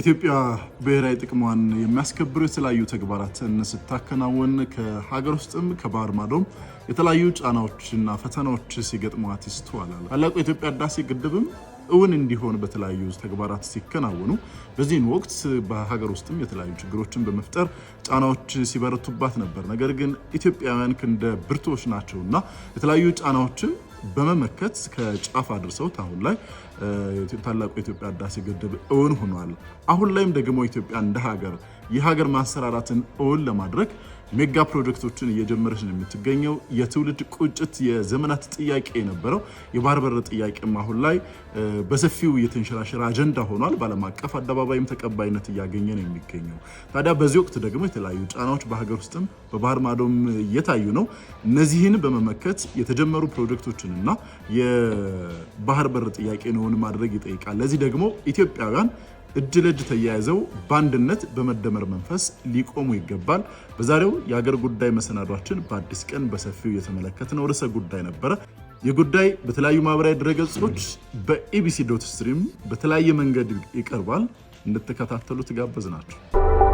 ኢትዮጵያ ብሔራዊ ጥቅሟን የሚያስከብሩ የተለያዩ ተግባራትን ስታከናውን ከሀገር ውስጥም ከባህር ማዶም የተለያዩ ጫናዎችና ፈተናዎች ሲገጥሟት ይስተዋላል። ታላቁ የኢትዮጵያ ህዳሴ ግድብም እውን እንዲሆን በተለያዩ ተግባራት ሲከናወኑ በዚህን ወቅት በሀገር ውስጥም የተለያዩ ችግሮችን በመፍጠር ጫናዎች ሲበረቱባት ነበር። ነገር ግን ኢትዮጵያውያን እንደ ብርቶች ናቸውና የተለያዩ ጫናዎችን በመመከት ከጫፍ አድርሰውት አሁን ላይ ታላቁ የኢትዮጵያ ህዳሴ ግድብ እውን ሆኗል። አሁን ላይም ደግሞ ኢትዮጵያ እንደ ሀገር የሀገር ማሰራራትን እውን ለማድረግ ሜጋ ፕሮጀክቶችን እየጀመረች ነው የምትገኘው። የትውልድ ቁጭት የዘመናት ጥያቄ የነበረው የባህር በር ጥያቄም አሁን ላይ በሰፊው የተንሸራሸረ አጀንዳ ሆኗል። በዓለም አቀፍ አደባባይም ተቀባይነት እያገኘ ነው የሚገኘው። ታዲያ በዚህ ወቅት ደግሞ የተለያዩ ጫናዎች በሀገር ውስጥም በባህር ማዶም እየታዩ ነው። እነዚህን በመመከት የተጀመሩ ፕሮጀክቶችንና የባህር በር ጥያቄ ነው እንዲሆን ማድረግ ይጠይቃል። ለዚህ ደግሞ ኢትዮጵያውያን እጅ ለእጅ ተያይዘው በአንድነት በመደመር መንፈስ ሊቆሙ ይገባል። በዛሬው የአገር ጉዳይ መሰናዷችን በአዲስ ቀን በሰፊው የተመለከትነው ርዕሰ ጉዳይ ነበረ። የጉዳይ በተለያዩ ማህበራዊ ድረገጾች በኢቢሲ ዶት ስትሪም በተለያየ መንገድ ይቀርባል። እንድትከታተሉ ትጋበዝ ናቸው።